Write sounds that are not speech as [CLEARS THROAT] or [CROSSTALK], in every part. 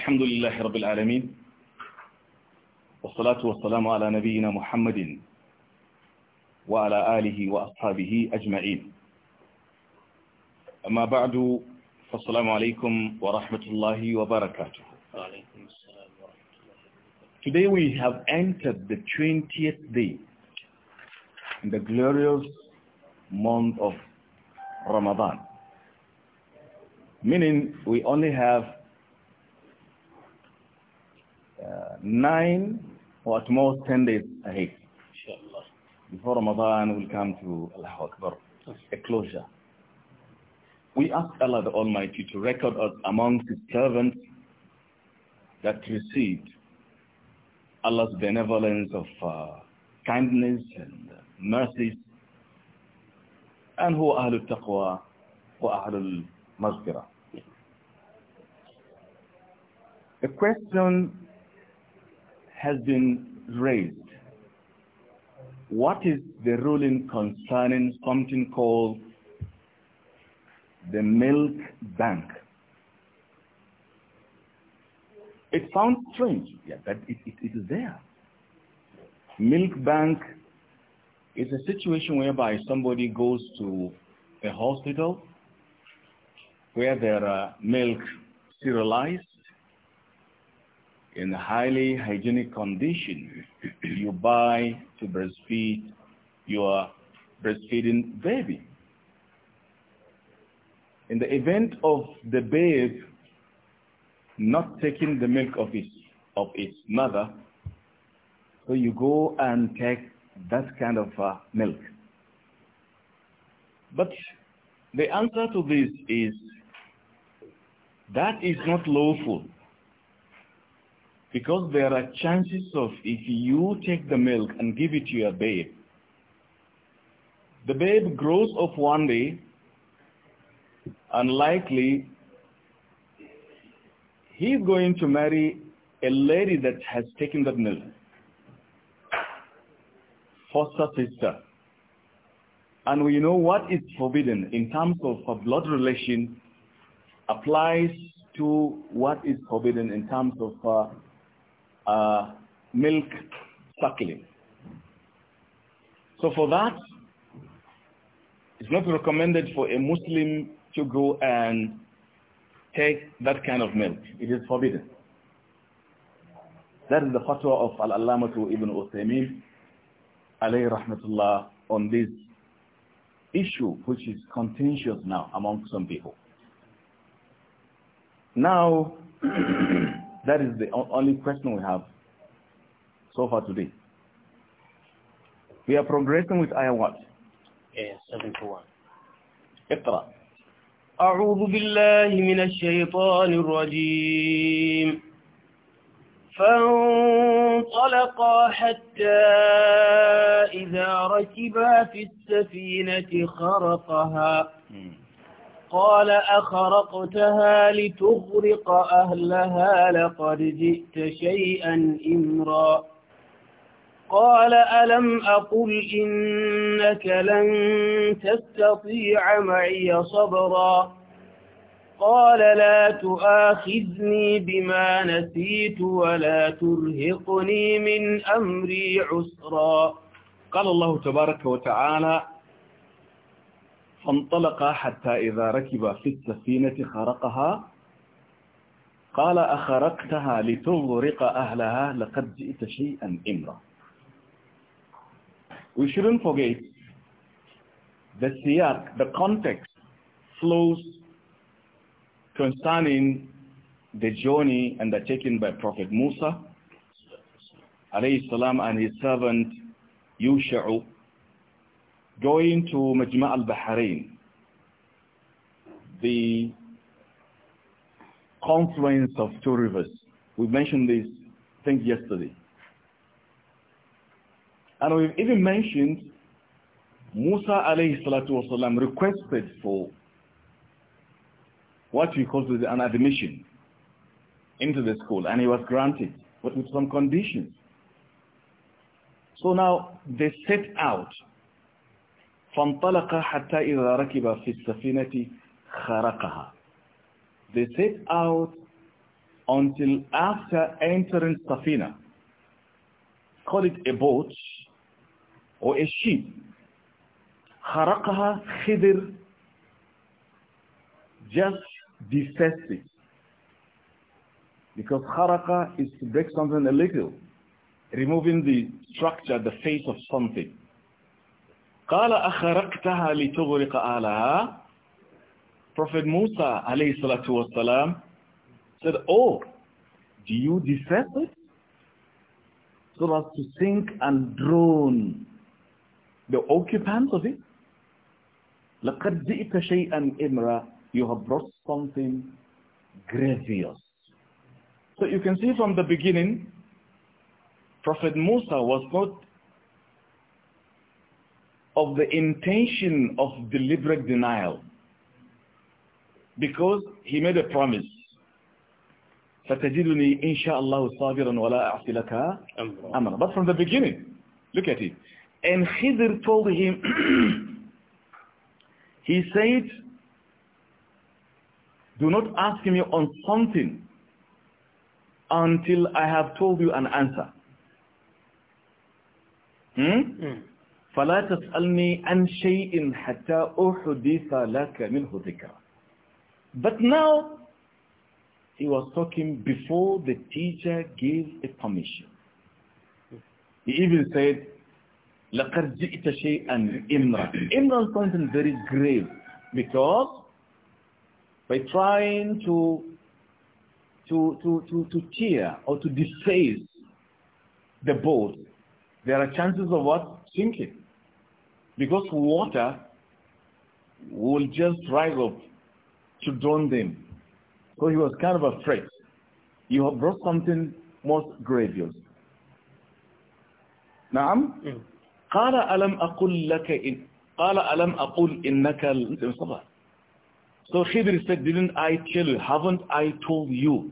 الحمد لله رب العالمين والصلاة والسلام على نبينا محمد وعلى آله وأصحابه أجمعين أما بعد فالسلام عليكم ورحمة الله وبركاته Today we have entered the 20th day in the glorious month of Ramadan. Meaning we only have Uh, nine or at most ten days ahead. Inshallah. Before Ramadan, we'll come to Allahu Akbar, a closure. We ask Allah the Almighty to record us amongst His servants that received Allah's benevolence of uh, kindness and mercies and who are who are وأهل المغفرة. The question has been raised. What is the ruling concerning something called the milk bank? It sounds strange, yeah, but it, it, it is there. Milk bank is a situation whereby somebody goes to a hospital where there are milk sterilized in highly hygienic condition, you buy to breastfeed your breastfeeding baby. In the event of the babe not taking the milk of its, of its mother, so you go and take that kind of uh, milk. But the answer to this is that is not lawful. Because there are chances of if you take the milk and give it to your babe, the babe grows up one day and likely he's going to marry a lady that has taken the milk. Foster sister. And we know what is forbidden in terms of blood relation applies to what is forbidden in terms of uh, milk suckling. So for that, it's not recommended for a Muslim to go and take that kind of milk. It is forbidden. That is the fatwa of Al-Allamatu Ibn Uthaymeen, alayhi rahmatullah, on this issue which is contentious now among some people. Now, [CLEARS THROAT] That is the only question we have so far today. We are progressing with ayah what? Yes, 71. اقرأ. أعوذ بالله من الشيطان الرجيم فانطلقا حتى إذا ركبا في السفينة خرقها قال أخرقتها لتغرق أهلها لقد جئت شيئا إمرا قال ألم أقل إنك لن تستطيع معي صبرا قال لا تؤاخذني بما نسيت ولا ترهقني من أمري عسرا قال الله تبارك وتعالى فانطلق حتى إذا ركب في السفينة خرقها قال أخرقتها لتغرق أهلها لقد جئت شيئا إمرا We shouldn't forget the siyak, the context flows concerning the journey undertaken by Prophet Musa alayhi salam and his servant Yusha'u going to Majma' al-Bahrain, the confluence of two rivers. We mentioned this, thing yesterday. And we've even mentioned Musa alayhi salatu wasalam requested for what he calls an admission into the school, and he was granted, but with some conditions. So now they set out فانطلق حتى إذا ركب في السفينة خرقها They set out until after entering Safina. Call it a boat or a ship. خرقها خضر just defaced it. Because kharaqa is to break something a little, removing the structure, the face of something. قال أخرقتها لتغرق آلها Prophet Musa عليه الصلاة والسلام said, Oh, do you defend it? So as to sink and drown the occupants of it? لَقَدْ جِئْتَ شَيْئًا إِمْرًا You have brought something grievous. So you can see from the beginning, Prophet Musa was not of the intention of deliberate denial because he made a promise ستجدني إن شاء الله صابرا ولا أعصي لك أمرا but from the beginning look at it and Khidr told him [CLEARS THROAT] he said do not ask me on something until I have told you an answer hmm? Mm. فلا تسألني عن شيء حتى أحدث لك منه ذكر But now he was talking before the teacher gave a permission. He even said, لَقَدْ جِئْتَ شَيْئًا إِمْرًا Imran something very grave because by trying to to, to, to, to tear or to deface the boat, there are chances of what? Sinking. Because water will just rise up to drown them. So he was kind of afraid. You have brought something most grievous. نعم قال ألم أقل لك إن قال ألم أقل إنك So Khidr said, didn't I tell you, haven't I told you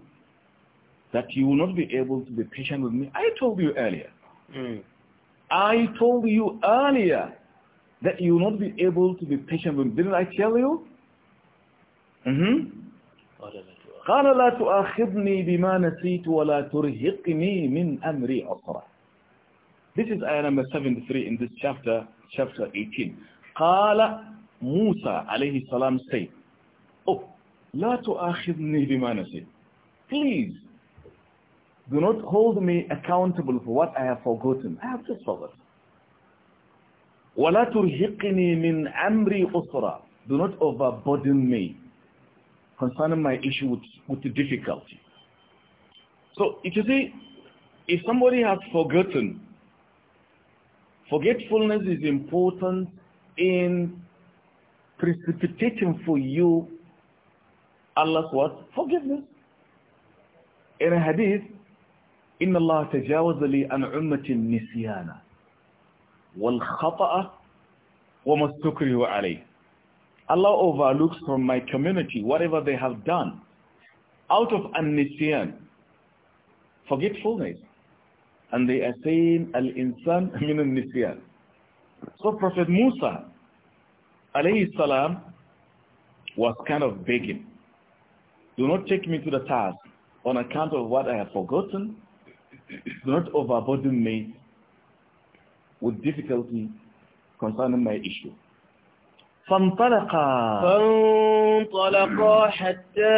that you will not be able to be patient with me? I told you earlier. Mm. I told you earlier that you will not be able to be patient with. Didn't I tell you? Mm-hmm. قال لا تؤاخذني بما نسيت ولا ترهقني من أمري This is ayah number 73 in this chapter, chapter 18. قال موسى عليه السلام say, Oh, لا تؤاخذني بما نسيت. Please, do not hold me accountable for what I have forgotten. I have just forgotten. وَلَا تُرْهِقْنِي مِنْ أَمْرِي أُسْرًا Do not overburden me concerning my issue with, with the difficulty. So if you see, if somebody has forgotten, forgetfulness is important in precipitating for you Allah's what? Forgiveness. In a hadith, إن الله تجاوز لي عن أمة نسيانا وَالْخَطَأَ وَمَسْتُكْرِهُ عَلَيْهِ Allah overlooks from my community whatever they have done out of amnisyan, forgetfulness. And they are saying, Al-insan [LAUGHS] min al So Prophet Musa, alayhi salam, was kind of begging, do not take me to the task on account of what I have forgotten. Do not overburden me with difficulty concerning my issue. فانطلقا فانطلقا حتى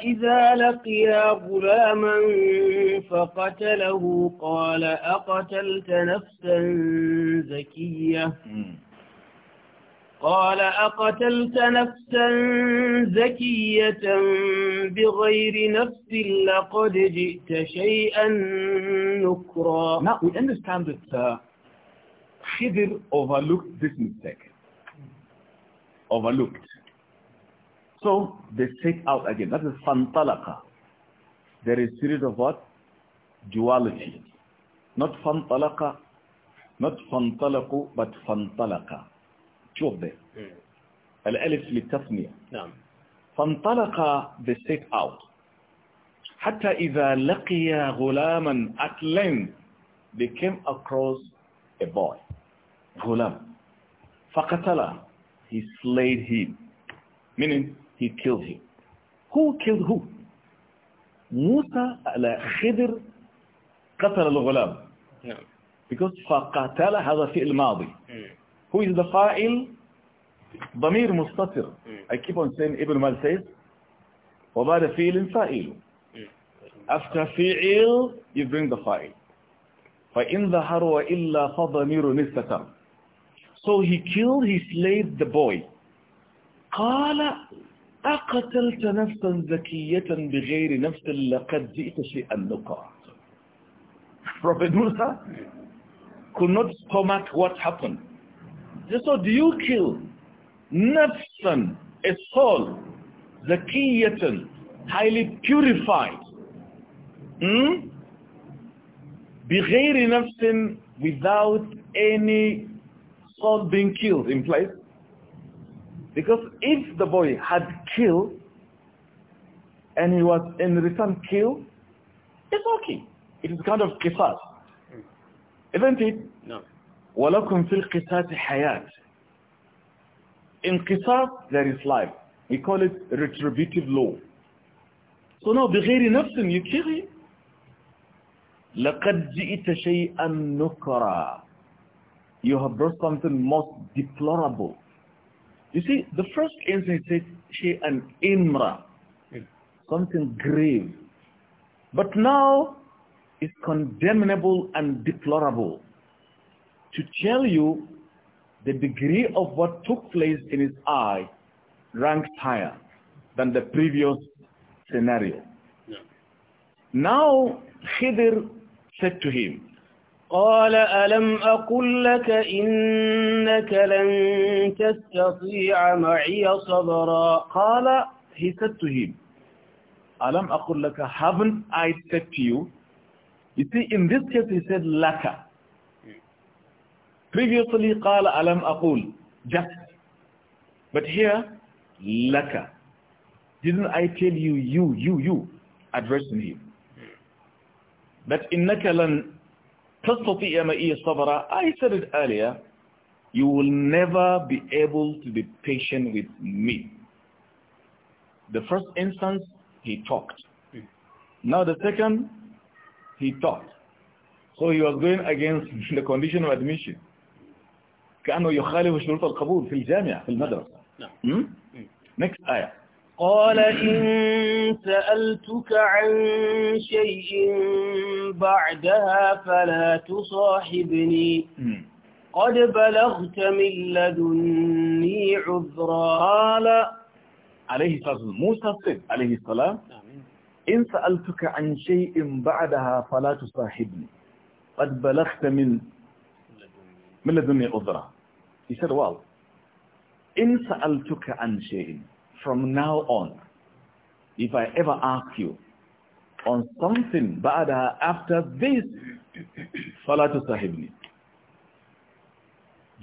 إذا لقيا غلاما فقتله قال أقتلت نفسا زكية قال أقتلت نفسا زكية بغير نفس لقد جئت شيئا نكرا Now we understand that uh, Khidr overlooked this mistake. Overlooked. So they set out again. That is fantalaka. There is series of what? Duality. Not fantalaka, not fantalaku, but fantalaka. شوف ذي الألف للتثنية نعم فانطلق the set حتى إذا لقي غلاما at length they came across a boy غلام فقتله he slayed him meaning he killed him who killed who موسى على خضر قتل الغلام نعم because فقتله هذا في الماضي Who is the fa'il? ضمير مستتر. I keep on saying Ibn Mal says, وبعد فعل فاعل. After فعل, you bring the fa'il. فَإِنْ ظَهَرْ وَإِلَّا فَضَمِيرٌ اسْتَتَرْ So he killed, he slayed the boy. قال أقتلت نفسا زكية بغير نفس لقد جئت شيئا نقرا Prophet Musa could not stomach what happened. So do you kill nafsan, a soul, zakiyatan, highly purified? Hmm? بغير نفس without any soul being killed in place. Because if the boy had killed and he was in return killed, it's okay. It is kind of kifas. Hmm. Isn't it? No. وَلَكُمْ فِي القصاص حياة In qisas, there is life. We call it retributive law. So now, بِغَيْرِ نَفْسٍ يُكِرِي لَقَدْ جِئِتَ شَيْئًا نُكَرًا You have brought something most deplorable. You see, the first instance says, شَيْئًا إِمْرًا Something grave. But now, it's condemnable and deplorable to tell you the degree of what took place in his eye ranks higher than the previous scenario. Yeah. Now Khidr said to him, قال ألم أقل لك إنك لن تستطيع معي صبرا قال he said to him ألم أقل لك haven't I said to you you see in this case he said لك Previously, قال ألم أقول, just. But here, لك. Didn't I tell you, you, you, you, addressing him. But إنك لن تستطيع معي صبرا I said it earlier, you will never be able to be patient with me. The first instance, he talked. Now the second, he talked. So he was going against [LAUGHS] the condition of admission. كأنه يخالف شروط القبول في الجامعة في المدرسة نعم نكس آية قال إن سألتك عن شيء بعدها فلا تصاحبني قد بلغت من لدني عذرا قال عليه الصلاة والسلام موسى الصد عليه السلام إن سألتك عن شيء بعدها فلا تصاحبني قد بلغت من من لدني عذرا He said, well, insa al عَنْ شَيْءٍ From now on, if I ever ask you on something ba'daha after this, فَلَا تُسَحِبْنِ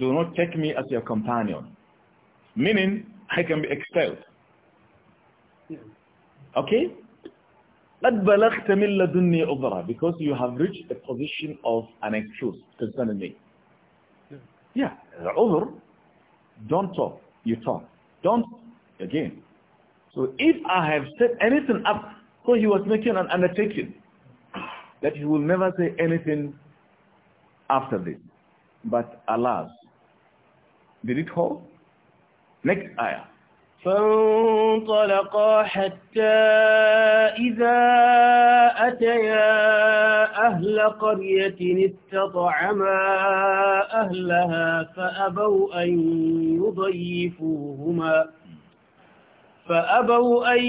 Do not take me as your companion. Meaning, I can be expelled. Okay? لَدْ بَلَغْتَ مِنْ لَدُنِّي أُذْرًا Because you have reached the position of an excuse concerning me. Yeah. Over, don't talk, you talk. Don't, again. So if I have said anything up, so he was making an undertaking that he will never say anything after this. But alas, did it hold? Next ayah. فانطلقا حتى إذا أتيا أهل قرية استطعما أهلها فأبوا أن يضيفوهما فأبوا أن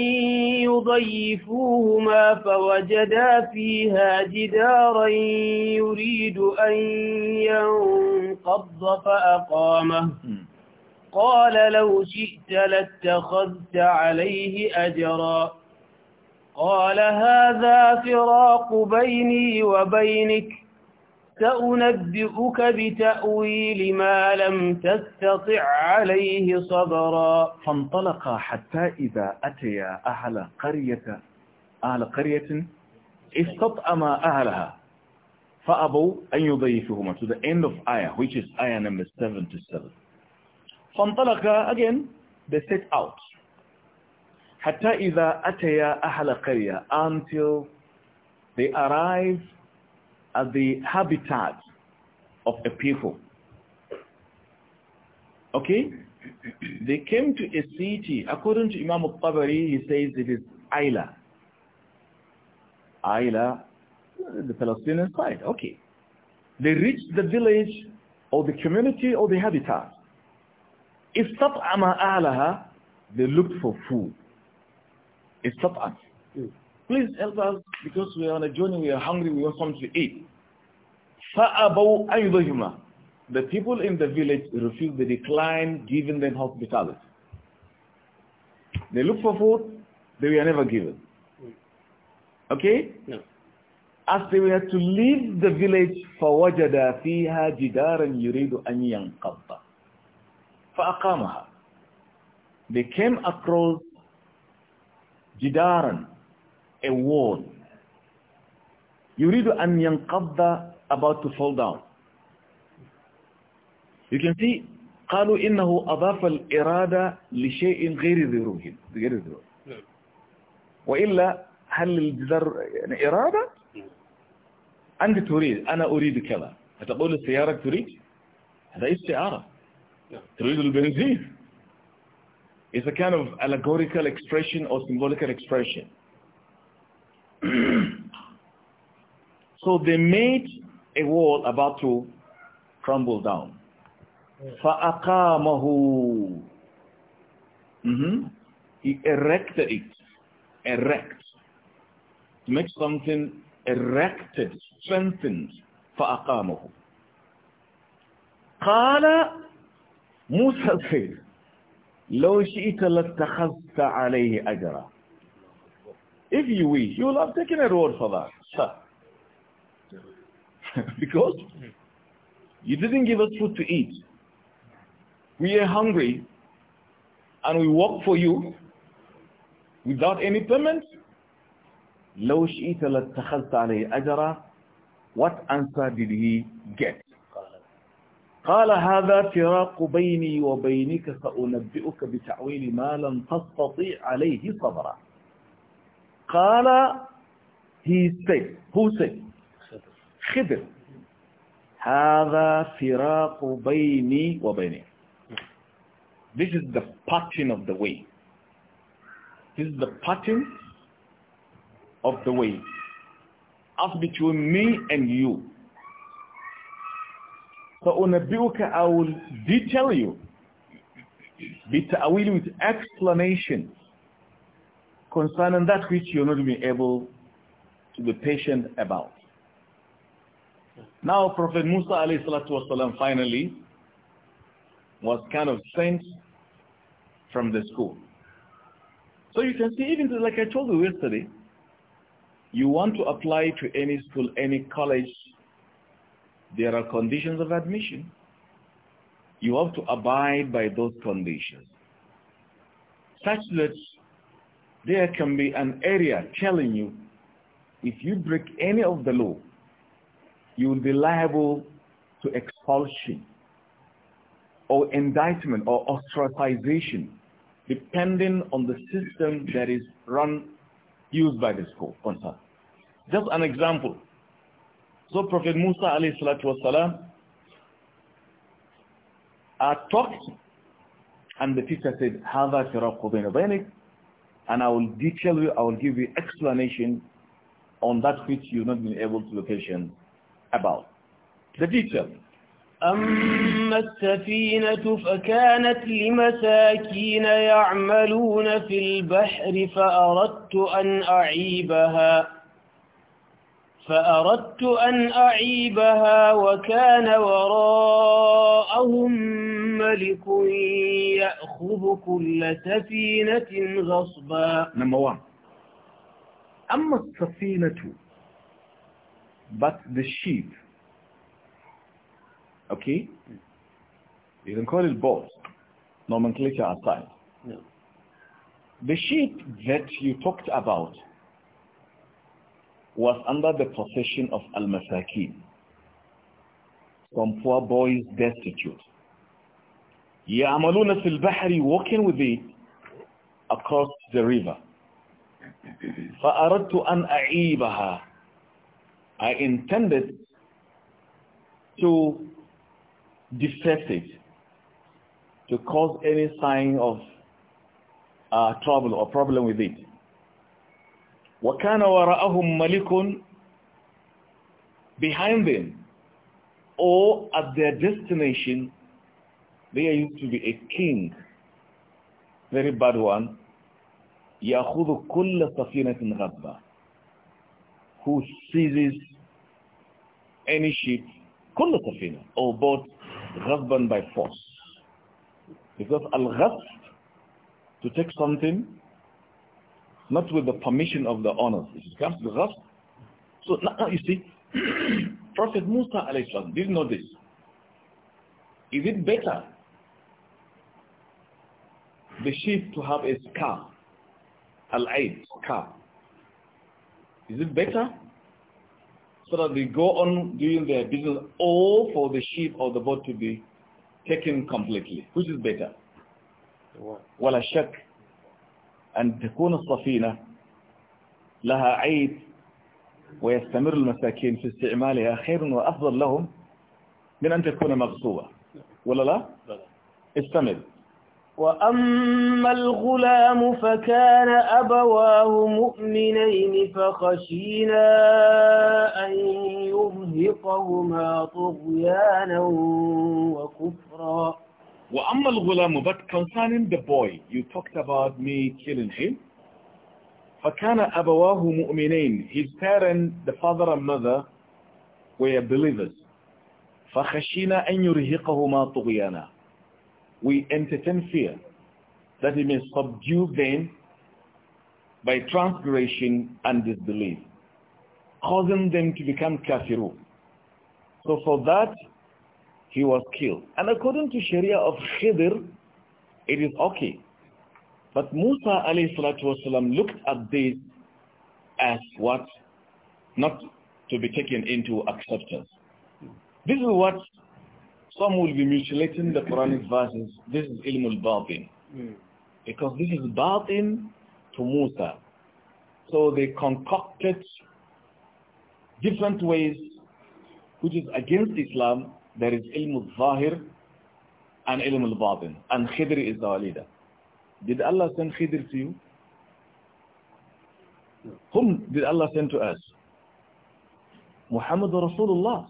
يضيفوهما فوجدا فيها جدارا يريد أن ينقض فأقامه قال لو شئت لاتخذت عليه أجرا قال هذا فراق بيني وبينك سأنبئك بتأويل ما لم تستطع عليه صبرا فانطلق حتى إذا أتيا أهل قرية أهل قرية استطأما أهلها فأبوا أن يضيفهما to the end of ayah which is ayah number 77 فانطلق again they set out حتى إذا أتيا أهل قرية until they arrive at the habitat of a people okay they came to a city according to Imam al-Tabari he says it is Ayla Ayla the Palestinian side okay they reached the village or the community or the habitat Istat'ama ahalaha, they looked for food. Istat'am. Hmm. Please help us because we are on a journey, we are hungry, we want something to eat. Fa'abaw ayyudahuma. The people in the village refused, they declined giving them hospitality. They looked for food, they were never given. Hmm. Okay? No. As they were to leave the village, فَوَجَدَ فِيهَا جِدَارًا يُرِيدُ أَنْ يَنْقَضَّ فأقامها they came across جدارا a wall يريد أن ينقض about to fall down you can see قالوا إنه أضاف الإرادة لشيء غير ذروه غير ذروه وإلا هل الجدار يعني إرادة أنت تريد أنا أريد كذا فتقول السيارة تريد هذا استعارة تريد البنزين is [LAUGHS] a kind of allegorical expression or symbolical expression. [CLEARS THROAT] so they made a wall about to crumble down. فَأَقَامَهُ mm -hmm. He erected it. Erect. To make something erected, strengthened. فَأَقَامَهُ قَالَ Musa said, لو شئت لاتخذت عليه ajara." If you wish, you will have taken a reward for that. Sir. [LAUGHS] because you didn't give us food to eat. We are hungry and we work for you without any payment. لو شئت لاتخذت عليه أجرا What answer did he get? قال هذا فراق بيني وبينك سأنبئك بتعويل ما لم تستطيع عليه صبرا قال he said who said خبر هذا فراق بيني وبينك this is the pattern of the way this is the pattern of the way as between me and you فَأُنَبِّئُكَ I will detail you بِتَأْوِيل with explanation concerning that which you're not being able to be patient about. Now Prophet Musa والسلام, finally was kind of sent from the school. So you can see even like I told you yesterday, you want to apply to any school, any college, there are conditions of admission. You have to abide by those conditions. Such that there can be an area telling you if you break any of the law, you will be liable to expulsion or indictment or ostracization depending on the system that is run used by the school Just an example. So Prophet Musa alayhi salatu wasalam uh, talked and the teacher said, هَذَا فِرَاقُ بَيْنَ بَيْنِكَ And I will detail you, I will give you explanation on that which you've not been able to location about. The detail. أما السفينة فكانت لمساكين يعملون في البحر فأردت أن أعيبها فأردت أن أعيبها وكان وراءهم ملك يأخذ كل سفينة غصبا نمبر 1 أما السفينة but the sheep okay you can call it boat nomenclature aside no. the sheep that you talked about was under the possession of Al-Masakin, some poor boys destitute. يَعْمَلُونَ فِي الْبَحْرِ walking with it across the river. فَأَرَدْتُ أَنْ أَعِيبَهَا I intended to defect it, to cause any sign of uh, trouble or problem with it. وَكَانَ وراءهم مَلِكٌ Behind them, or at their destination, there used to be a king, very bad one, يَأْخُذُ كُلَّ سَفِينَةٍ غَضْبًا Who seizes any ship, كُلَّ سَفِينَةٍ, or boat, غَضْبًا by force. Because al to take something not with the permission of the owners. It comes to ghasb. So now you see, [CLEARS THROAT] Prophet Musa salam, didn't know this. Is it better the sheep to have a scar, al-aid, scar? Is it better so that they go on doing their business all for the sheep or the boat to be taken completely? Which is better? Well, I shak أن تكون الصفينة لها عيد ويستمر المساكين في استعمالها خير وأفضل لهم من أن تكون مغصوبة ولا لا؟ استمر وأما الغلام فكان أبواه مؤمنين فخشينا أن يرهقهما طغيانا وكفرا وَأَمَّا الْغُلَامُ But concerning the boy, you talked about me killing him. فَكَانَ أَبَوَاهُ مُؤْمِنَيْنِ His parents, the father and mother, were believers. فَخَشِينَا أَنْ يُرْهِقَهُمَا طُغْيَانًا We entertain fear that he may subdue them by transgression and disbelief, causing them to become kafiru. So for that, he was killed. And according to Sharia of Khidr, it is okay. But Musa والسلام, looked at this as what not to be taken into acceptance. This is what some will be mutilating the Quranic verses. This is ilmul batin. Because this is batin to Musa. So they concocted different ways which is against Islam there is ilm al-zahir and ilm al-batin. And Khidr is the walida Did Allah send Khidr to you? Whom did Allah send to us? Muhammad Rasulullah.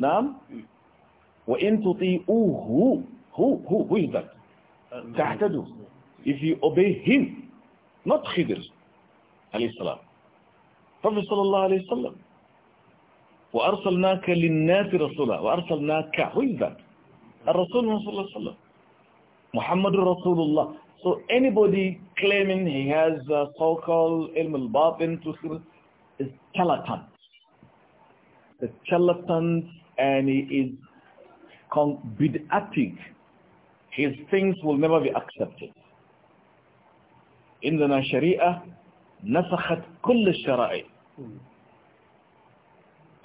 Naam? وَإِن تُطِيئُوهُ who, who, who is that? تحتدو If you obey him, not Khidr, alayhi salam. Prophet sallallahu alayhi salam. وأرسلناك للناس رسولا وأرسلناك who الرسول صلى الله عليه وسلم محمد رسول الله so anybody claiming he has a so-called ilm al-batin is charlatan the charlatan and he is bid'atic his things will never be accepted عندنا شريعة نسخت كل الشرائع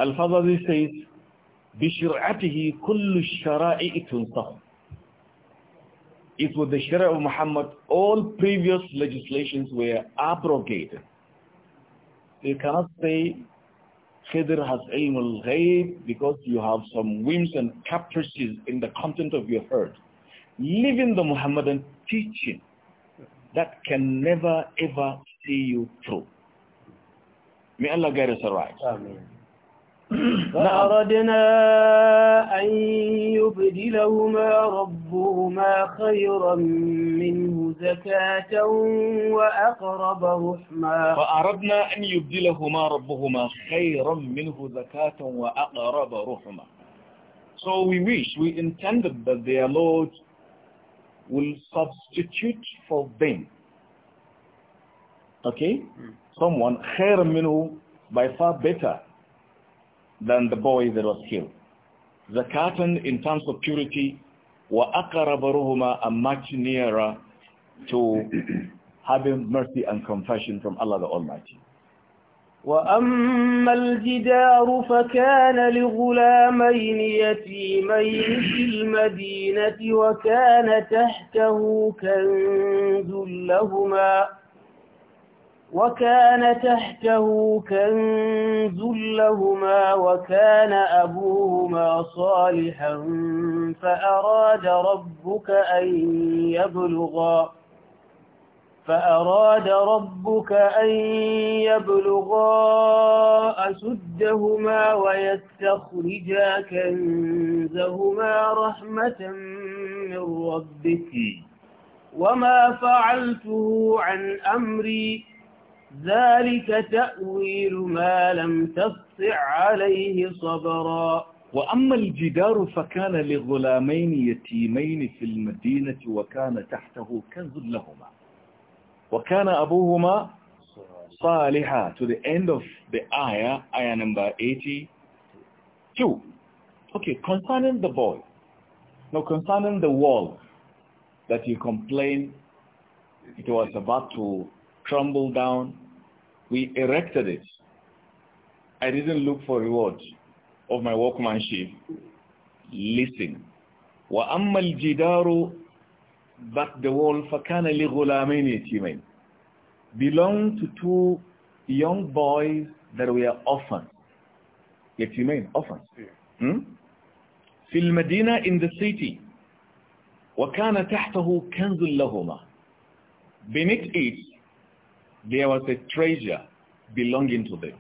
Al-Fadhazi says, بِشِرْعَتِهِ كُلُّ الشَّرَائِئِ تُنْصَحُ It was the Sharia of Muhammad, all previous legislations were abrogated. You cannot say Khidr has ilm al-ghayb because you have some whims and caprices in the content of your heart. Living the Muhammadan teaching, that can never ever see you through. May Allah guide us right. Amen. فأردنا نعم. أن يبدلهما ربهما خيرا منه زكاة وأقرب رحما فأردنا أن يبدلهما ربهما خيرا منه زكاة وأقرب رحما So we wish, we intended that their Lord will substitute for them. Okay? Hmm. Someone, خيرا منه, by far better than the boy that was killed. The curtain in terms of purity وَأَقَرَبَرُهُمَا are much nearer to [CLEARS THROAT] having mercy and compassion from Allah the Almighty. وأما الجدار فكان لغلامين يتيمين في المدينة وكان تحته كنز لهما وكان تحته كنز لهما وكان أبوهما صالحا فأراد ربك أن يبلغا فأراد ربك أن يبلغا أسدهما ويستخرجا كنزهما رحمة من ربك وما فعلته عن أمري ذلك تأويل ما لم تصع عليه صبرا وأما الجدار فكان لغلامين يتيمين في المدينة وكان تحته كنز لهما وكان أبوهما صالحا to the end of the ayah, ayah number 82 okay, concerning the boy now concerning the wall that you complained it was about to crumble down We erected it. I didn't look for reward of my workmanship. Listen. وَأَمَّا الْجِدَارُ But the wall فَكَانَ لِغُلَامَيْنِ يَتِيمَيْنِ Belonged to two young boys that were orphans. Yetimain, orphans. Hmm? في المدينة in the city وكان تحته كنز لهما beneath it there was a treasure belonging to them.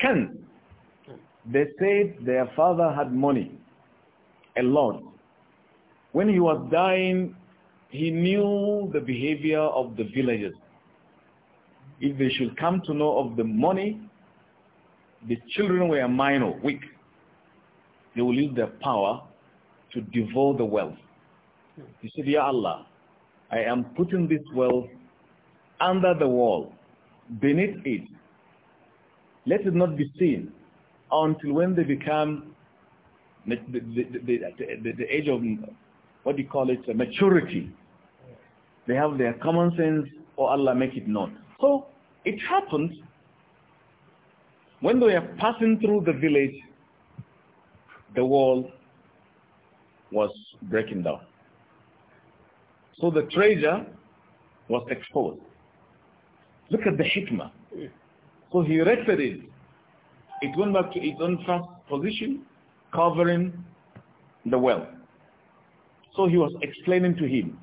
Can they said their father had money, a lot. When he was dying, he knew the behavior of the villagers. If they should come to know of the money, the children were minor, weak. They will use their power to devour the wealth. He said, Ya Allah, I am putting this wealth under the wall, beneath it. Let it not be seen until when they become the, the, the, the age of, what do you call it, maturity. They have their common sense or Allah make it known. So it happened when they are passing through the village, the wall was breaking down. So the treasure was exposed. Look at the hikmah. So he rested it. It went back to its own first position, covering the well. So he was explaining to him,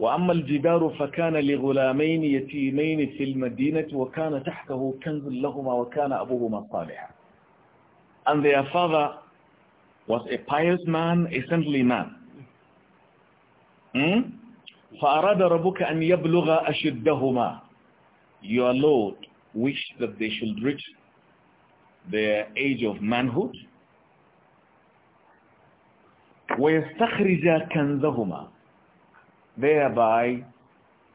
وأما الجدار فكان لغلامين يتيمين في المدينة وكان تحته كنز لهما وكان أبوهما صالحا And their father was a pious man, a saintly man. Hmm? فأراد ربك أن يبلغ أشدهما your Lord wished that they should reach their age of manhood. وَيَسْتَخْرِجَ كَنْزَهُمَا Thereby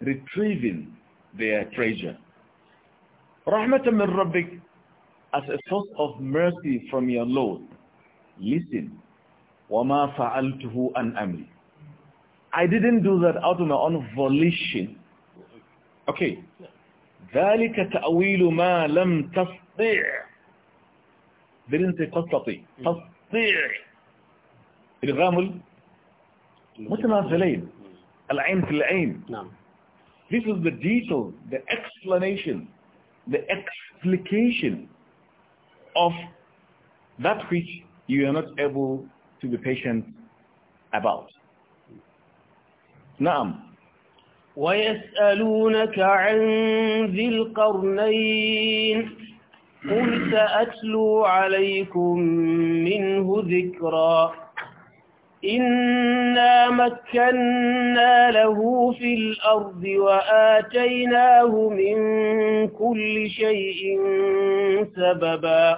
retrieving their treasure. رَحْمَةً مِنْ رَبِّكَ As a source of mercy from your Lord. Listen. وَمَا فَعَلْتُهُ أَنْ أَمْرِ I didn't do that out of my own volition. Okay. ذلك تأويل ما لم تستطيع hmm. تستطيع الغام hmm. العين في العين نعم This is the detail, the explanation, the explication of that which you are not able to be patient about. Naam. ويسألونك عن ذي القرنين قل سأتلو عليكم منه ذكرا إنا مكنا له في الأرض وآتيناه من كل شيء سببا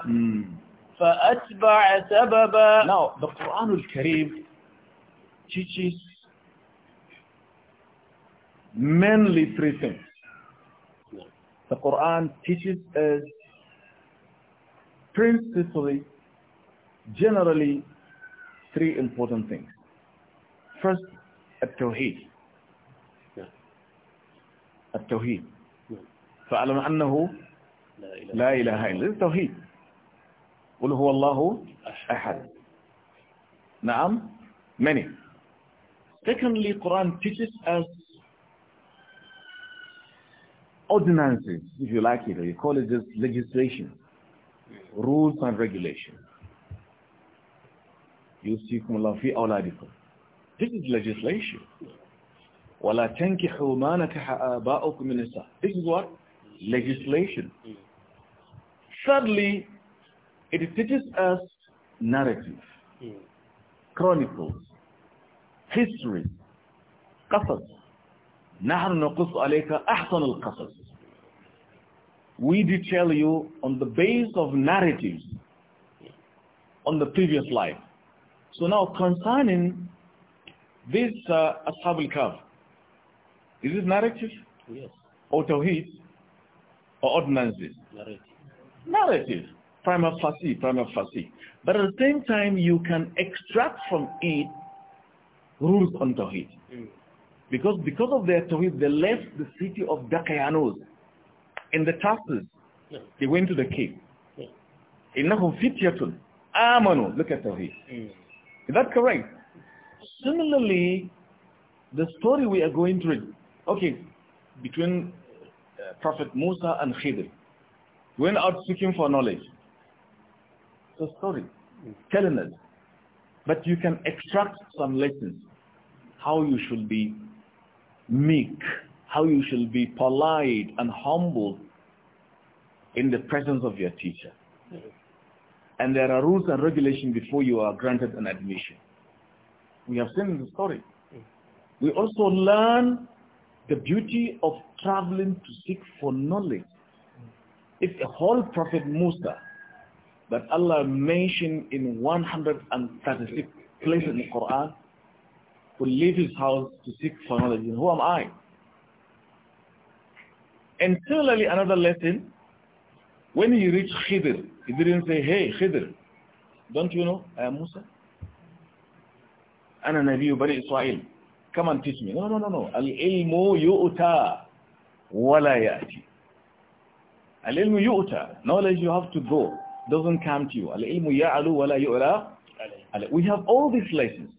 فأتبع سببا لا القرآن الكريم teaches mainly three things. The Quran teaches us principally, generally, three important things. First, التوحيد. التوحيد. فاعلم أنه لا إله إلا الله. التوحيد. قل هو الله أحد. نعم. Many. Secondly, Quran teaches us ordinances, if you like it, or you call it just legislation, rules and regulations. يوصيكم الله fi أولادكم This is legislation. ولا تنكحوا ما نكح آباؤكم من This is what? Legislation. Thirdly, it teaches us narrative, chronicles, history, قصص. نحن نقص عليك أحسن القصص we did tell you on the base of narratives on the previous life. So now concerning this uh, Ashab al-Kaf, is this narrative? Yes. Or Tawheed? Or ordinances? Narrative. Narrative. Prima facie, prima facie. But at the same time, you can extract from it rules on Tawheed. Mm. Because, because of their Tawheed, they left the city of Dakayanos in the tassels, yeah. they went to the cave. إِنَّهُمْ فِتْيَةٌ آمَنُوا Look at Tawheed. Mm. Is that correct? Similarly, the story we are going through, okay, between uh, Prophet Musa and Khidr, went out seeking for knowledge. It's a story, mm. telling us. But you can extract some lessons, how you should be meek, how you shall be polite and humble in the presence of your teacher. And there are rules and regulations before you are granted an admission. We have seen in the story. We also learn the beauty of traveling to seek for knowledge. If the whole Prophet Musa that Allah mentioned in 136 places in the Quran, will leave his house to seek for knowledge. And who am I? And similarly, another lesson, when he reached Khidr, he didn't say, hey, Khidr, don't you know I am Musa? Ana Nabiyu Bani Israel. Come and teach me. No, no, no, no. Al-ilmu yu'ta wala ya'ti. Al-ilmu yu'ta. Knowledge you have to go. Doesn't come to you. Al-ilmu ya'alu wala yu'la. We have all these lessons.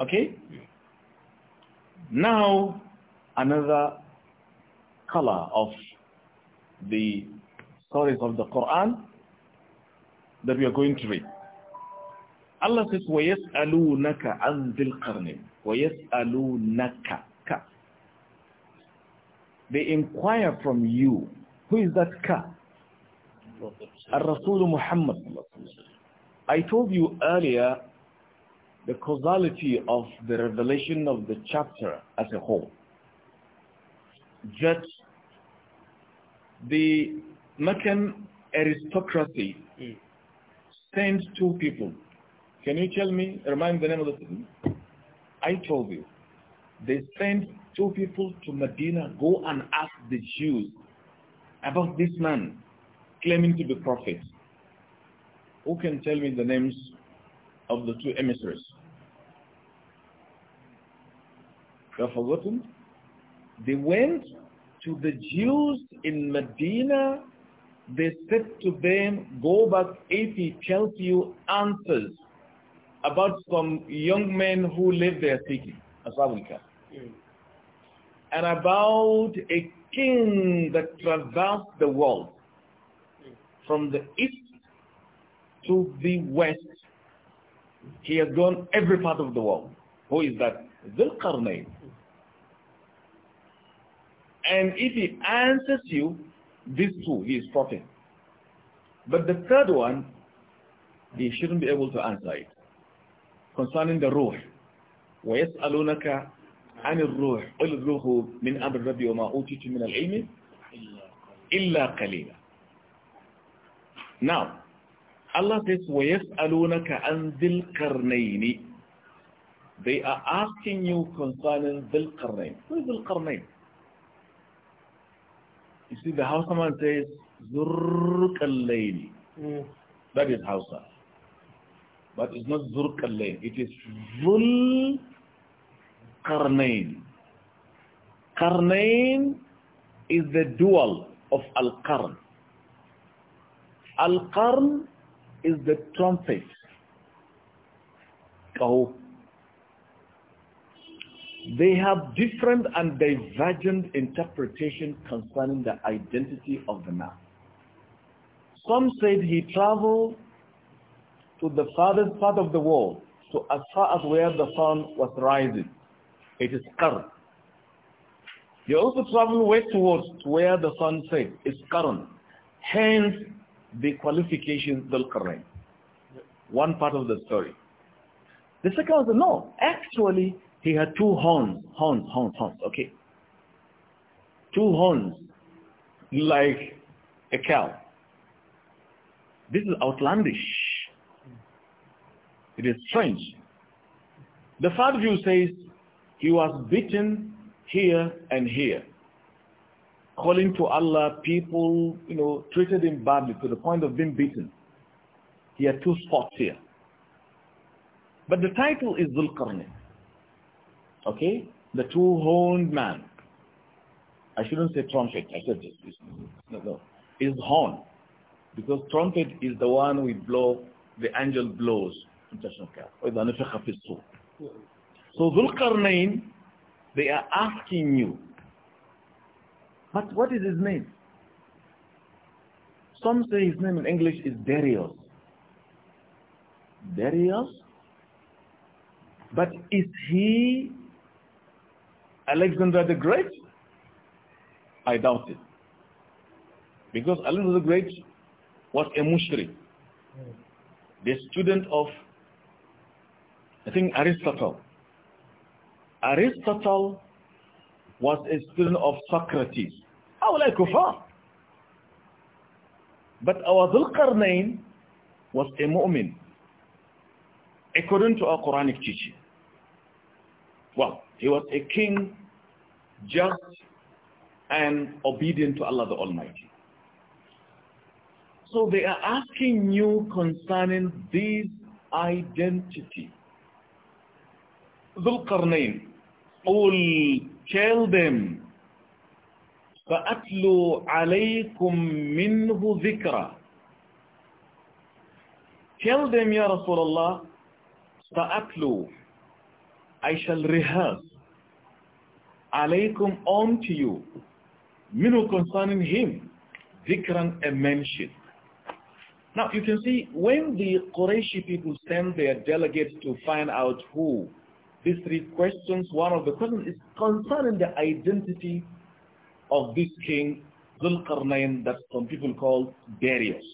Okay? Now, another color of the stories of the Quran that we are going to read. Allah says, وَيَسْأَلُونَكَ عَنْ ذِي الْقَرْنِ وَيَسْأَلُونَكَ They inquire from you. Who is that ka? Al-Rasul Muhammad. I told you earlier the causality of the revelation of the chapter as a whole. Just the Meccan aristocracy mm. sent two people. Can you tell me, remind the name of the city? I told you. They sent two people to Medina, go and ask the Jews about this man claiming to be prophet. Who can tell me the names of the two emissaries? You have forgotten? They went to the Jews in Medina, they said to them, go back if he tells you answers about some young men who live there seeking, Ashabul Mm. And about a king that traversed the world mm. from the east to the west. He has gone every part of the world. Who is that? Dhul Mm. And if he answers you, these two, he is prophet. But the third one, he shouldn't be able to answer it. Concerning the ruh. وَيَسْأَلُونَكَ عَنِ الرُّوحِ قُلِ الرُّوحُ مِنْ أَمْرِ رَبِّي وَمَا أُوتِيتُ مِنَ الْعِلْمِ إِلَّا قَلِيلًا Now, Allah says, وَيَسْأَلُونَكَ عَنْ ذِي الْقَرْنَيْنِ They are asking you concerning ذِي الْقَرْنَيْنِ Who is ذِي الْقَرْنَيْنِ you see, the Hausa man says, Zurkallaini. Mm. That is Hausa. But it's not Zurkallain. It is Zulkarnain. Karnain is the dual of al karn". al karn" is the trumpet. Oh they have different and divergent interpretation concerning the identity of the man. Some said he traveled to the farthest part of the world, to as far as where the sun was rising. It is current. He also traveled westwards to where the sun set. It's current. Hence, the qualification Dhul Qarain. One part of the story. The second was, no, actually, he had two horns, horns, horns, horns, okay? Two horns, like a cow. This is outlandish. It is strange. The third view says he was beaten here and here, calling to Allah, people, you know, treated him badly to the point of being beaten. He had two spots here. But the title is Dhul Qarnayn. Okay? The two-horned man. I shouldn't say trumpet. I said this. No, no. It's horn. Because trumpet is the one we blow, the angel blows. So names, they are asking you, but what is his name? Some say his name in English is Darius. Darius? But is he Alexander the Great? I doubt it. Because Alexander the Great was a mushri, the student of, I think, Aristotle. Aristotle was a student of Socrates. How like kufar? But our Dhul was a mu'min, according to our Quranic teaching. Well, he was a king just and obedient to Allah the Almighty. So they are asking you concerning this identity. Dhulqarnain, قُلْ Tell them, فَأَتْلُوا عَلَيْكُمْ مِنْهُ ذِكْرًا Tell them, Ya Rasulullah, فَأَتْلُوا I shall rehearse alaykum unto you, minu concerning him, dhikran a mention. Now you can see when the Qurayshi people send their delegates to find out who, these three questions, one of the questions is concerning the identity of this king, Zulqarnain, that some people call Darius.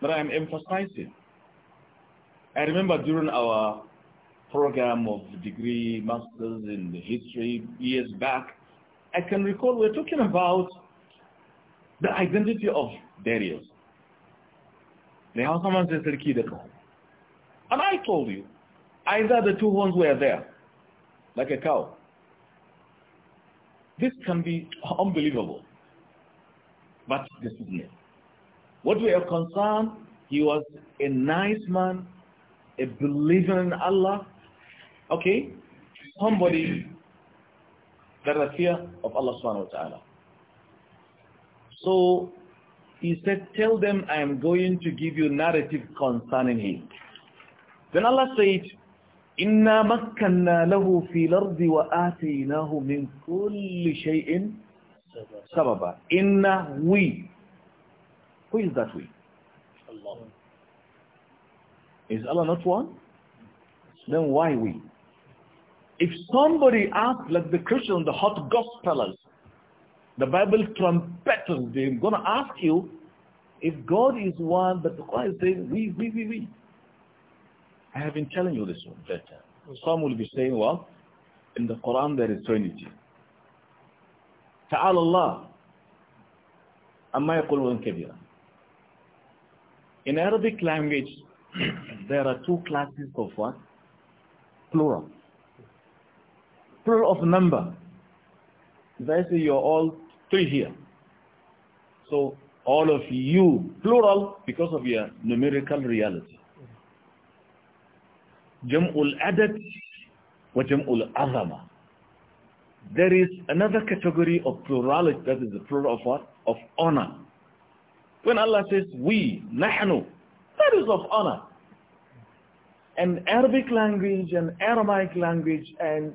But I am emphasizing. I remember during our program of degree, master's in history years back, I can recall we're talking about the identity of Darius. The Hausaman says Riki the cow. And I told you, either the two horns were there, like a cow. This can be unbelievable. But this is me. What we are concerned, he was a nice man, a believer in Allah, Okay? Somebody that has fear of Allah subhanahu wa ta'ala. So he said, tell them I am going to give you narrative concerning him. Then Allah said, إِنَّا مَكَّنَّا لَهُ فِي الْأَرْضِ وَآتَيْنَاهُ min kulli shay'in sababa. Inna we. Who is that we? Allah. Is Allah not one? Then why we? If somebody asks, like the Christians, the hot gospelers, the Bible trumpeters, they're going to ask you, if God is one, but the Quran is saying, we, we, we, we. I have been telling you this one better. Some will be saying, well, in the Quran there is Trinity. تعالى الله أما يقولون كبيرا In Arabic language, [CLEARS THROAT] there are two classes of what? Plural plural of number. If I say you're all three here, so all of you, plural, because of your numerical reality. Jam'ul adad wa jam'ul azama. There is another category of plurality, that is the plural of what? Of honor. When Allah says we, nahnu, that is of honor. And Arabic language and Aramaic language and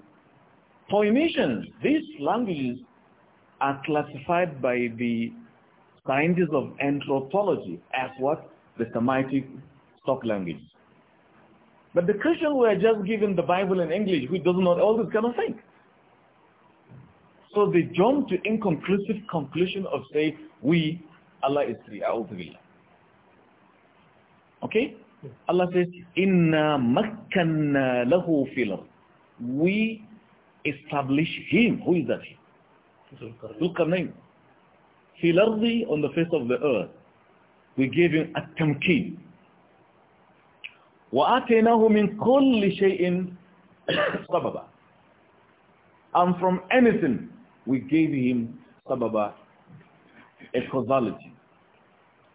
for Polynesian, these languages are classified by the scientists of anthropology as what? The Semitic stock language. But the Christians were just given the Bible in English, which does not all this kind of thing. So they jump to inconclusive conclusion of say, we, Allah is three, A'udhu Okay? Hmm. Allah says, Inna makkanna lahu filam. We establish him. Who is that? Zulkarnain. Fil ardi, on the face of the earth, we gave him a tamkin. وَآتَيْنَاهُ مِنْ كُلِّ شَيْءٍ سَبَبًا. And from anything, we gave him sababa, a causality,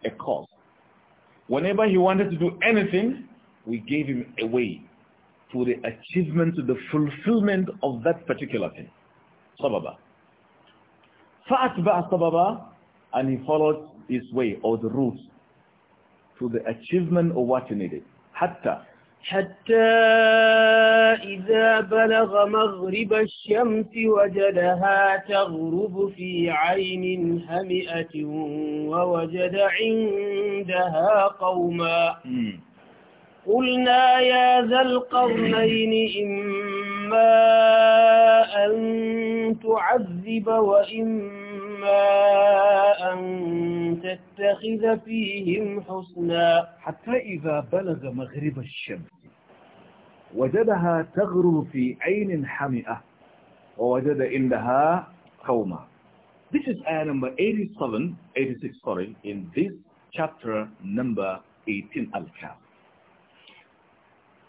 a cause. Whenever he wanted to do anything, we gave him a way, to the achievement, to the fulfillment of that particular thing. Sababa. فَأَتْبَعَ sababa, and he followed his way or the route to the achievement of what he needed. حَتَّى Hatta. إذا بلغ مغرب الشمس وجدها تغرب في عين حمئة ووجد عندها قوما قلنا يا ذا القرنين إما أن تعذب وإما أن تتخذ فيهم حسنا حتى إذا بلغ مغرب الشمس وجدها تغرب في عين حمئة ووجد عندها قوما This is ayah number 87, 86, sorry, in this chapter number 18 Al-Kahf.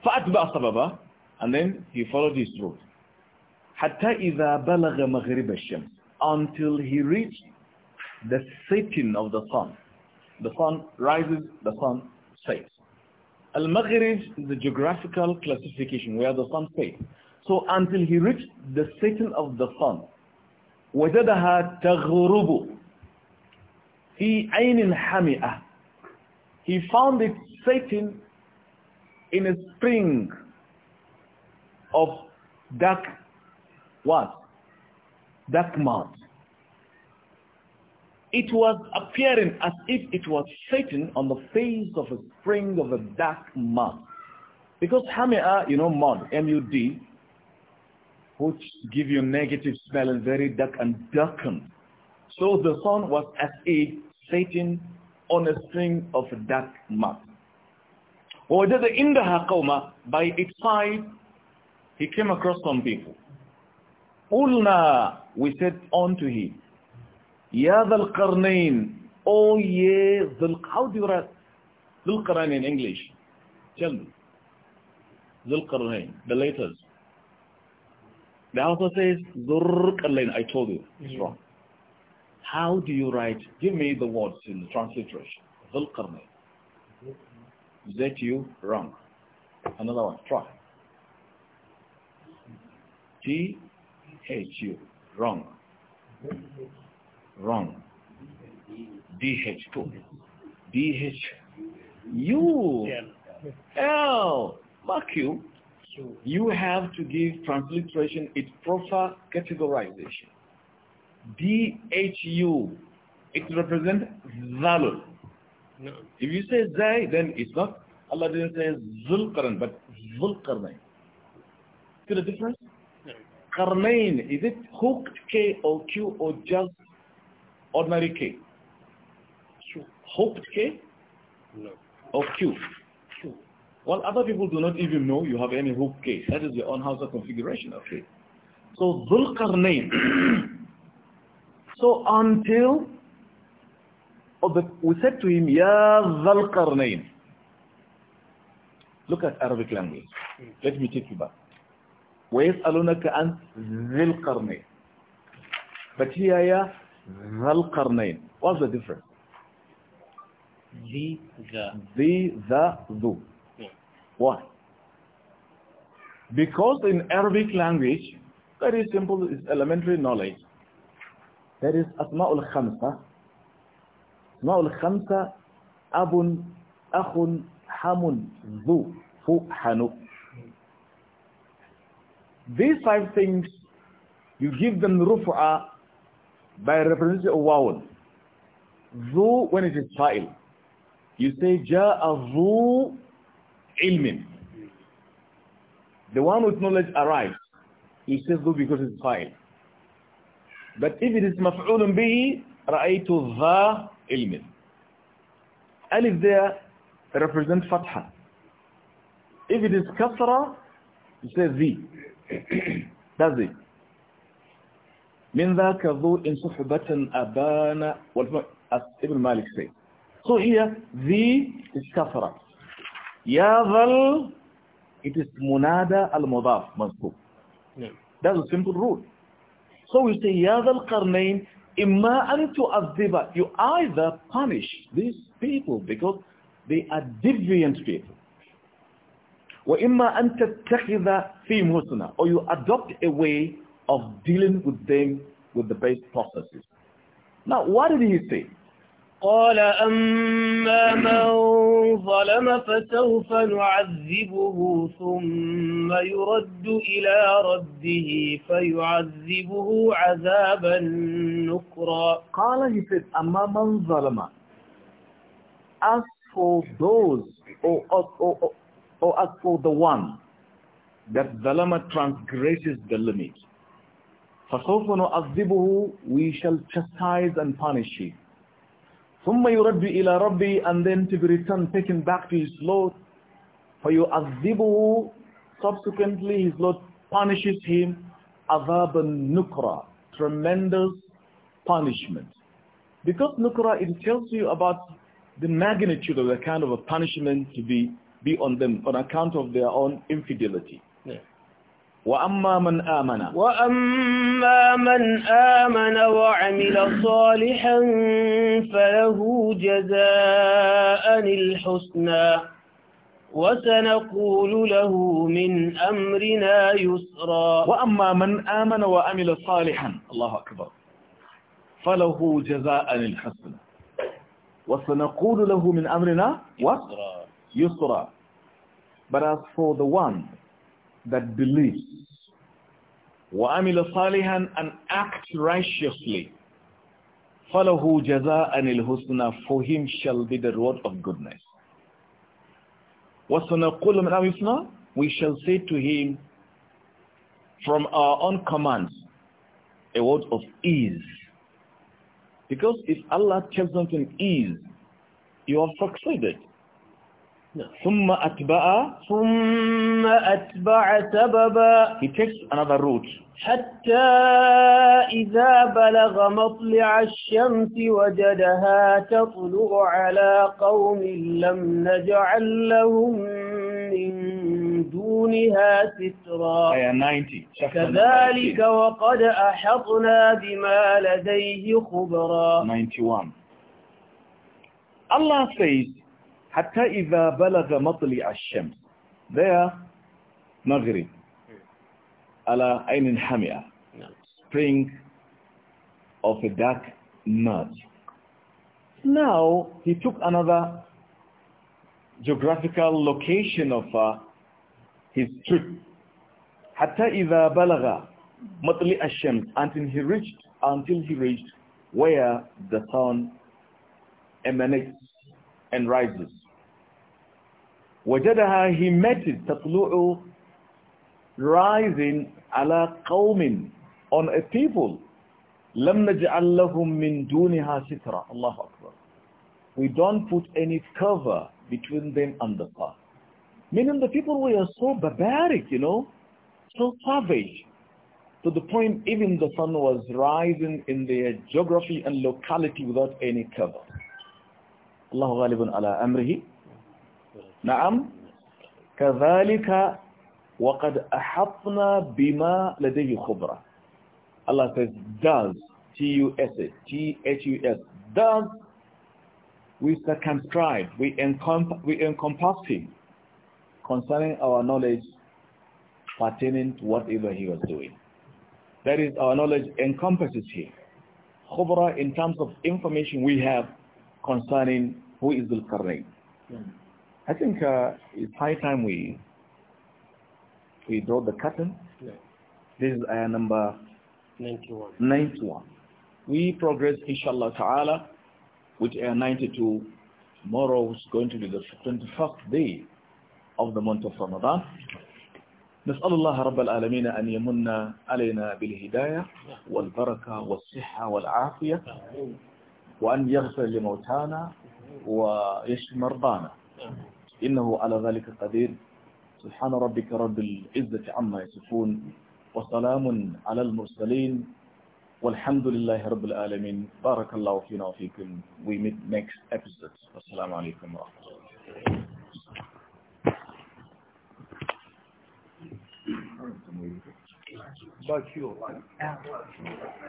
فأتبع سببا and then he followed his route حتى إذا بلغ مغرب الشمس until he reached the setting of the sun the sun rises the sun sets Al-Maghrib is the geographical classification where the sun sets so until he reached the setting of the sun وجدها تغرب في عين حمئة he found it setting in a spring of dark what? Dark mouth. It was appearing as if it was sitting on the face of a spring of a dark mud. Because hamia, you know mud, M-U-D, which give you negative smell and very dark and darkened. So the sun was as if sitting on a string of dark mud. وَوَجَدَ إِنْدَهَا قَوْمًا By its side, he came across some people. قُلْنَا We said unto him, يَا al الْقَرْنَيْنِ Oh yeah, how do you write in English? Tell me. ذُلْقَرْنَيْن, the letters. The author says, ذُلْقَرْنَيْن, I told you, it's wrong. How do you write? Give me the words in the transliteration. ذُلْقَرْنَيْن that you wrong. Another one, try. T H U wrong. Wrong. D H two. D H U L mark you. You have to give transliteration its proper categorization. D H U it represents value no. If you say Zai, then it's not. Allah didn't say Zulqarn, but Zulqarnain. See the difference? No. Karnain, is it hooked K or Q or just ordinary K? Hooked K? No. Or Q? Q. Well, other people do not even know you have any hooked K. That is your own house configuration of K. So Zulqarnain. [CLEARS THROAT] so until of oh, the, we said to him, Ya Dhal Look at Arabic language. Let me take you back. وَيَسْأَلُونَكَ عَنْ ذِي الْقَرْنَيْنِ But here, Ya Dhal What's the difference? The, the. The, the, the. Why? Because in Arabic language, very simple is elementary knowledge. There is Asma'ul Khamsa, الأسماء الخمسة أب أخ حم ذو فحن These five things, you give them rufa by representing a vowel. Zu when it is fa'il. You say جاء zu ilmin. The one with knowledge arrives. You say zu because it's fa'il. But if it is maf'ulun bihi, ra'aytu dha الميم ألف ذا represent فتحة if it is كسرة you say ذي that's it من ذاك ذو إن صحبة أبانا ابن مالك سي so here ذي is كسرة يا ظل it is منادى المضاف منصوب نعم. that's a simple rule so we say يا ذا القرنين You either punish these people because they are deviant people. وَإِمَّا أَن تَتَّخِذَ Or you adopt a way of dealing with them with the best processes. Now, what did he say? قال أما من ظلم فسوف نعذبه ثم يرد إلى ربه فيعذبه عذابا نكرا قال he said أما من ظلم as for those or, or, or, or as for the one that ظلم transgresses the limit فسوف نعذبه we shall chastise and punish him ثم يرد إلى ربي and then to be returned, taken back to his Lord. فيعذبه subsequently his Lord punishes him عذابا نكرا tremendous punishment. Because nukra it tells you about the magnitude of the kind of a punishment to be, be on them on account of their own infidelity. وأما من آمن وأما من آمن وعمل صالحا فله جزاء الحسنى وسنقول له من أمرنا يسرا وأما من آمن وعمل صالحا الله أكبر فله جزاء الحسنى وسنقول له من أمرنا يسرا But as for the one that believes. وَعَمِلَ صَالِحًا and acts righteously. فَلَهُ جَزَاءً الْحُسْنَى For him shall be the reward of goodness. وَسَنَقُولُ مِنْ أَمِسْنَا We shall say to him from our own commands a word of ease. Because if Allah tells something ease, you have succeeded. نعم. ثم أتبع ثم أتبع سببا He takes another route حتى إذا بلغ مطلع الشمس وجدها تطلع على قوم لم نجعل لهم من دونها سترا آية كذلك وقد أحطنا بما لديه خبرا 91 Allah says Hatta إِذَا بَلَغَ مَطْلِ الشَّمْس There, Maghrib, ala ainin hamia, spring of a dark night. Now, he took another geographical location of uh, his trip. Hatta إِذَا بَلَغَ مَطْلِ الشَّمْس Until he reached, until he reached where the sun emanates and rises. وجدها he met it تطلع rising على قوم on a people لم نجعل لهم من دونها سترة الله أكبر we don't put any cover between them and the path meaning the people were so barbaric you know so savage to the point even the sun was rising in their geography and locality without any cover Allah غالب على أمره na'am kazalika وقد أحطنا بما لديه خبرة Allah says does T-U-S T-H-U-S does we circumscribe we, encomp we encompass him concerning our knowledge pertaining to whatever he was doing that is our knowledge encompasses him خبرة in terms of information we have concerning who is the Qarnayn hmm. I think uh, it's high time we we draw the curtain. Yeah. This is ayah number 91. 91. We progress, inshallah ta'ala, with ayah 92. Tomorrow is going to be the 21st day of the month of Ramadan. نسأل الله رب العالمين أن يمن علينا بالهداية والبركة والصحة والعافية وأن يغفر لموتانا ويشفي مرضانا إنه على ذلك قدير سبحان ربك رب العزة عما يصفون وسلام على المرسلين والحمد لله رب العالمين بارك الله فينا وفيكم we meet next episode والسلام عليكم ورحمة الله But you like